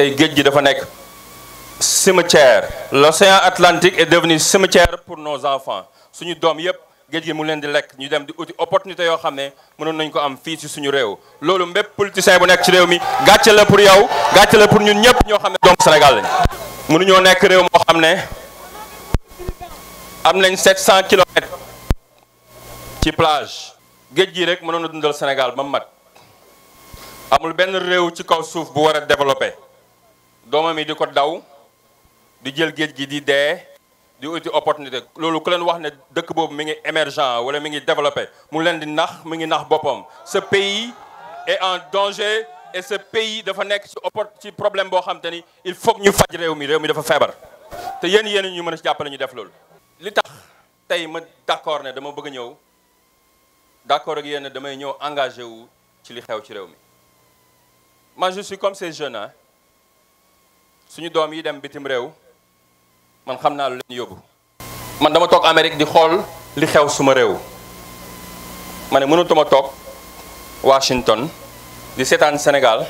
c'est cimetière l'océan Atlantique est devenu cimetière pour nos enfants suñu nous sommes gi mu nous di lek ñu opportunité yo xamné mënon nañ ko am fi ci suñu réew nous mbépp politicien bu ci mi pour yow Nous pour ñun Sénégal 700 km. ci plage rek Sénégal ba mat amul de réew ci kaw doomam yi di ko daw di jël géej gi di dee di uti opportunité loolu ku leen wax ne dëkk boobu mi ngi émergent wala mi ngi développé mu leen di nax mi ngi nax boppam ce pays est en danger et ce pays dafa nekk ci oppor ci problème boo xam te ni il faut ñu faj réew mi réew mi dafa feebar te yéen yéen ñu mën a jàppale ñu def loolu li tax tey ma d'accord ne dama bëgg a ñëw d'accord ak yéen damay ñëw engagé wu ci li xew ci réew mi moi je suis comme ces jeunes hein. suñu doom yi dem bitim rew man xamna lu leen yobbu man dama tok amerique di xol li xew suma rew mané Washington di setan Senegal,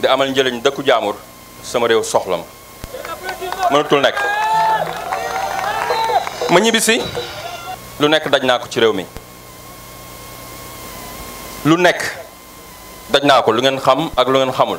di amal njëriñ dëkku jaamur sama rew soxlam tul nek. ma ñibisi lu nek dajna ko ci rew mi lu nek dajna ko lu ngeen xam ak lu ngeen xamul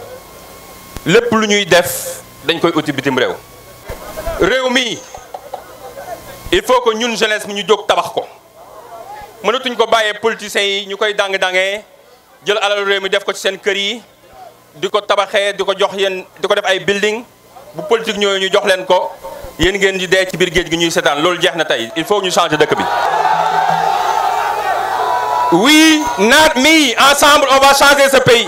Le plus def dañ koy outil bitim rew rew mi il faut que ñun jeunesse mi ñu nous, tabax ko mënatuñ ko bayé politiciens yi dang Nous jël alal rew mi def ko ci sen kër yi Nous tabaxé diko jox yeen diko def ay building bu politique ñoy ñu jox len ko yeen ngeen di dé ci Nous gi ñuy Nous il faut ñu changer dëkk bi oui not me. ensemble on va changer ce pays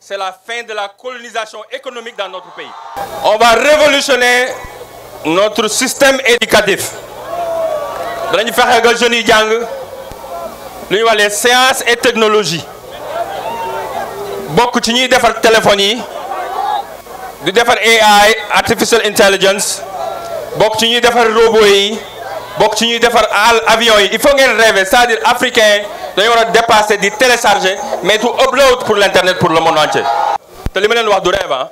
c'est la fin de la colonisation économique dans notre pays. On va révolutionner notre système éducatif. dañu fexe ga jeunes yi Nous allons les sciences et technologie bokk ci ñuy faire téléphones yi de AI artificial intelligence bokk ci faire des robots, yi bokk ci ñuy avions. avion il faut ngeen rêver c'est-à-dire Africains, dañu war a dépasser di télécharger mais du upload pour l'internet pour le monde entier te li ma leen wax du rêve ah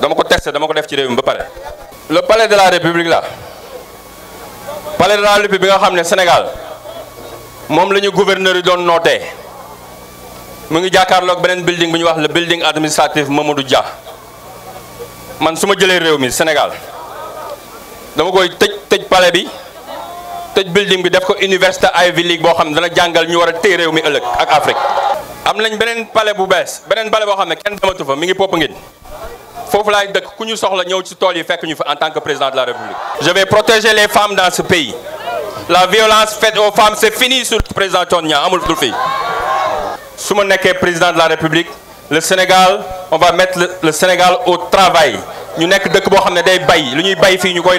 dama ko testé dama ko def ci réew mi ba pare. le palais de la république la pale de la république bi nga xam ne Sénégal moom la ñu gouverneur yi doon nootee mu ngi jàkkaarloog beneen building bu ñuy wax le building administratif Mamadou Dia man su ma jëlee réew mi Sénégal dama koy tëj tëj pale bi. tëj building bi def ko université Ivy League boo xam ne dana jàngal ñu war a téye réew mi ëllëg ak Afrique. am nañ palais bu bees beneen palais boo xam ne kenn dematu fa mi ngi popp ngeen foofu laay dëkk ku ñu soxla ñëw ci tool yi fekk ñu en tant que président de la République. je vais protéger les femmes dans ce pays la violence faite aux femmes c'est fini sur le président Tonya. Niang amul dul fii su ma président de la République le Sénégal on va mettre le Sénégal au travail ñu nekk dëkk boo xam ne day bay lu ñuy bay fii ñu koy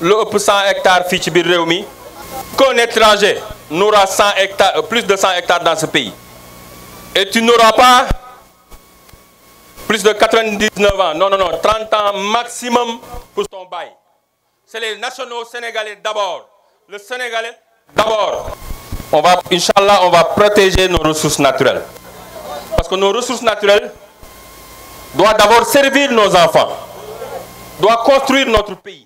le 100 hectares fichibir qu'un étranger n'aura 100 hectares euh, plus de 100 hectares dans ce pays et tu n'auras pas plus de 99 ans non non non 30 ans maximum pour ton bail c'est les nationaux sénégalais d'abord le sénégalais d'abord on va inchallah on va protéger nos ressources naturelles parce que nos ressources naturelles doivent d'abord servir nos enfants doivent construire notre pays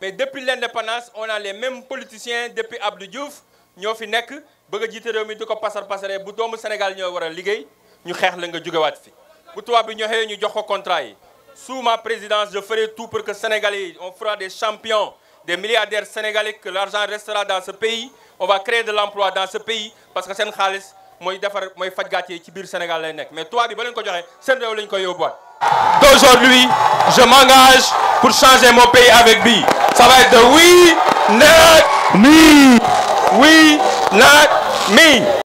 mais depuis l'indépendance on a les mêmes politiciens depuis Abdou Diouf bëgg avons mi passer bu Sénégal liggéey ñu la nga nous fi bu bi sous ma présidence je ferai tout pour que Sénégalais on fera des champions des milliardaires sénégalais que l'argent restera dans ce pays on va créer de l'emploi dans ce pays parce que mais d'aujourd'hui je m'engage pour changer mon pays avec Bi Ça va être de oui, not me. Oui, not me.